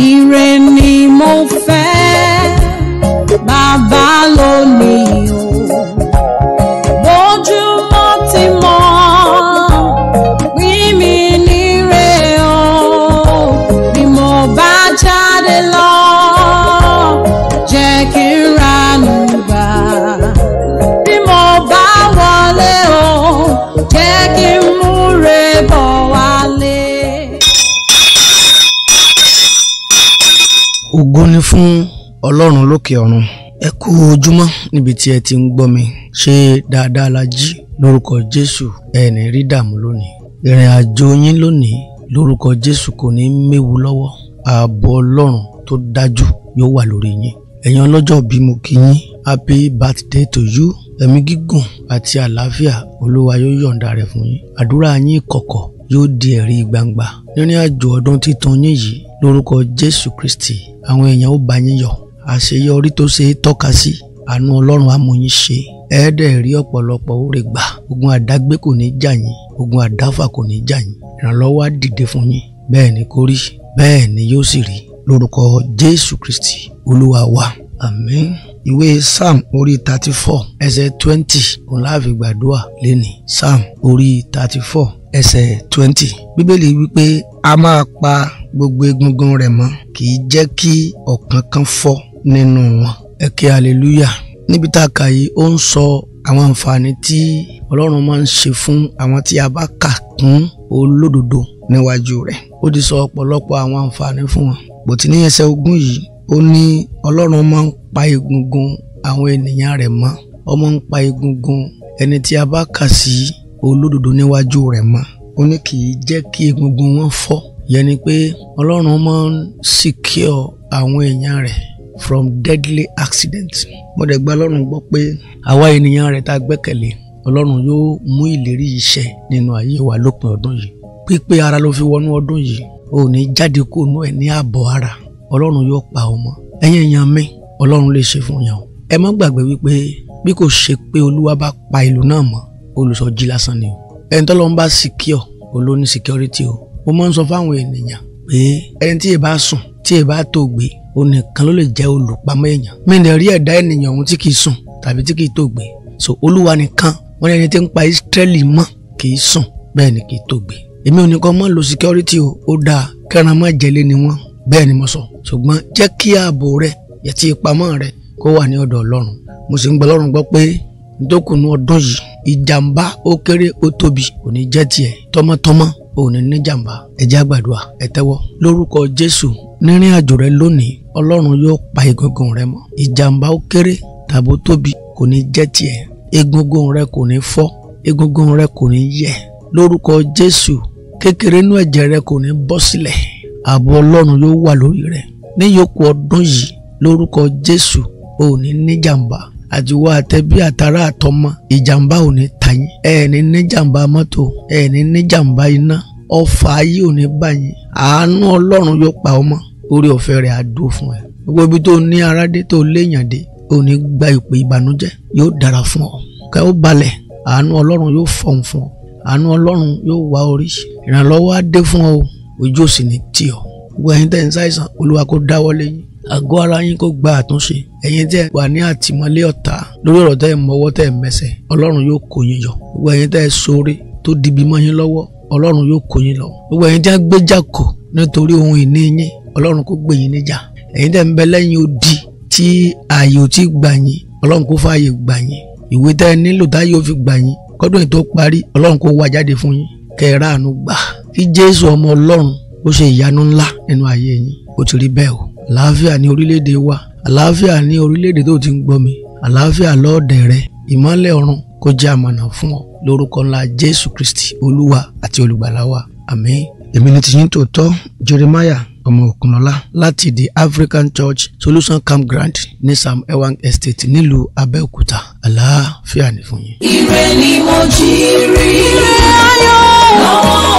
ire ni mo fẹ́. ni fún ọlọ́run lókè ọ̀run ẹ kú ojúmọ́ níbi tí ẹ ti ń gbọ́ mi ṣe dáadáa la jí lórúkọ jésù ẹni rí dààmú lónìí ìrìn àjò yín lónìí lórúkọ jésù kò ní méwu lọ́wọ́ ààbò ọlọ́run tó dájú yóò wà lórí yín ẹ̀yin ọlọ́jọ́ bí mo kí yín happy birthday to you ẹ̀mí gígùn àti àlàáfíà olúwa yóò yọ̀ǹda rẹ̀ fún yín àdúrà yín kọ̀kọ̀ yóò di ẹ̀rí gbangba nínú àjò ọdún titun yín yìí lórúkọ jésù kristi àwọn èèyàn ó bá yín yọ̀ àṣeyọrí tó ṣe é tọ́ka sí àánú ọlọ́run á mú yín ṣe ẹ̀ẹ́dẹ̀ rí ọ̀pọ̀lọpọ̀ oore gbà ogun àdágbé kò ní jà yín ogun àdáfà kò ní jà yín ìrànlọ́wọ́ á dìde fún yín bẹ́ẹ̀ ni kó rí bẹ́ẹ̀ ni yóò sì rí lórúkọ jésù kristi olúwa wa àmín ìwé psalm orí thirty four ẹsẹ̀ twenty òun gbàdúrà lẹ́nìí psalm orí thirty four ẹsẹ̀ twenty bíbélì wípé a máa pa gbogbo egungun rẹ̀ mọ́ kì í jẹ́ kí ọ̀kan kan fọ́ nínú wọn. ẹ ké aleluya níbi tá a kà yìí ó ń sọ àwọn àǹfààní tí ọlọ́run máa ń ṣe fún àwọn tí a bá kà kún olódodo níwájú rẹ̀ ó ti sọ ọ̀pọ̀lọpọ̀ àwọn àǹfààní fún wọn. bòtí ní ẹsẹ̀ ogún yìí ó ní ọlọ́run máa ń pa egungun àwọn ènìyàn rẹ̀ mọ́ ọmọ ń pa egungun ẹni tí a bá kà sí olódodo níwájú rẹ̀ mọ́ ó ní kì í jẹ́ kí egungun wọn fọ́ yẹn ni pé ọlọ́run máa ń secure àwọn èèyàn rẹ̀ from deadly accident mo dẹ̀ gba ọlọ́run gbọ́ pé àwa ènìyàn rẹ̀ tá a gbẹ́kẹ̀lé ọlọ́run yóò mú ìlérí yìí ṣẹ nínú ayé wa lópin ọdún yìí pípé ara ló fi wọnú ọdún yìí ò ní jáde kó nú ẹ ní ààbọ̀ ara ọlọ́run yóò pa ọmọ ẹ̀yin èèyàn mi ọlọ́run lè ṣe fún yàn o ẹ má gbàgbé wípé bí kò ṣe pé olúwa bá pa ìlú náà mọ́ olùsọjí lásán ni o ẹni tọ́lọ́ ń bá secure olóní security o mo máa ń sọ fáwọn ènìyàn pé ẹni tí ì bá sùn tí ì bá tó gbé òun nìkan ló lè jẹ́ olùpamọ́ èèyàn mi ní rí ẹ̀dá ènìyàn ọ̀hún tí kì sùn tàbí tí kì í so olúwa nìkan wọn ní ẹni tí ń pa Ísírẹ́lì mọ́ kì sùn bẹ́ẹ̀ ni kì í tó èmi ò ní kọ́ mọ́ lo security o ó dáa kẹran mọ́ jẹ́lé ni wọ́n bẹ́ẹ̀ ni mo sọ ṣùgbọ́n jẹ́ kí ààbò rẹ yẹtí ìpamọ́ rẹ kó wà ní ọ̀dọ̀ Ọlọ́run mo sì ń gbọ́ Ọlọ́run gbọ́ pé nítòkùnú ọdún yìí ìjàmbá ó kéré ó tóbi kò ní jẹ́ tiẹ̀ tọmọtọmọ ò ní ní jàmbá ẹ jẹ́ á gbàdúrà ẹ tẹ́wọ́ lórúkọ Jésù nírìn àjò rẹ lónìí Ọlọ́run yóò pa egungun rẹ mọ́ ìjàmbá ó kéré tàbó tóbi kò ní jẹ́ tiẹ̀ egungun rẹ kò ní fọ́ egungun rẹ kò ní yẹ̀ lórúkọ Jésù kékeré inú ẹ̀jẹ̀ rẹ kò ní bọ́ sílẹ̀ ààbò Ọlọ́run yóò wà lórí rẹ ní yòókù ọdún yìí lórúkọ Jésù ò ní ní jàmbá àtiwọ́ àtẹbí àtàrà àtọmọ ìjàmbá ò ní tàyín ẹ̀ẹ́ni níjàmbá mọ́tò ẹ̀ẹ́ni níjàmbá iná ọfà ayé ò ní báyìí àánú ọlọ́run yóò pa ọmọ orí ọ̀fẹ́ rẹ̀ á dó fún ẹ gbogbo ibi tó ní aládé tó léèyàn dé ò ní gba ìpè ìbànújẹ́ yóò dára fún ọ kẹ́ ó balẹ̀ àánú ọlọ́run yóò fọ̀hún fún ọ àánú ọlọ́run yóò wá orí ìrànlọ́wọ́ á dé fún ọ ojú òsì ní tì ọ gbogbo ẹ̀yin tẹ́ ń ṣàìsàn olúwa kó dáwọ́ lé àgọ́ ara yín kó gba àtúnṣe ẹ̀yin tẹ́ wà ní àtìmọ́lé ọ̀tá lórí ọ̀rọ̀ tẹ́ mọ́wọ́ tẹ́ mẹsẹ̀ ọlọ́run yóò kó yín yọ gbogbo ẹ̀yin tẹ́ ṣoore tó dibi mọ́ yín lọ́wọ́ ọlọ́run yóò kó yín lọ gbogbo ẹ̀yin tẹ́ gbéjà kò nítorí ohun ìní yín ọlọ́run kó gbé yín níjà ẹ̀yin tẹ́ ń bẹ lẹ́yìn odi tí ààyè ò tí gbà yín ọlọ́run kó fààyè gbà yín ìwé tẹ́ nílò táyé ò fi gbà yín kọ́dún ètò parí ọlọ́run kó wá jáde fún yín kẹ́ẹ̀rá gbà kí jésù ọmọ ọlọ́run ó ṣe ìyanu ńlá nínú ayé yín ó ti rí bẹ́ẹ̀ o àlàáfíà ní orílẹ̀-èdè wa àlàáfíà ní orílẹ̀-èdè tó ti ń gbọ́ mi àlàáfíà lọ́ọ̀dẹ̀ rẹ ìmọ́lẹ̀ ọ̀run kó jẹ́ àmànà fún ọ lórúkọ ńlá jésù kristi olúwa àti olùgbàlà wa àmín. èmi ni tiyín tòótọ́ jeremiah ọmọ òkunlọ́lá láti the african church solution Grant ní sam ewang estate nílùú abẹ́òkúta àlàáfíà ni fún yín. ire ni mo jí rí ire ayọ̀ lọ́wọ́.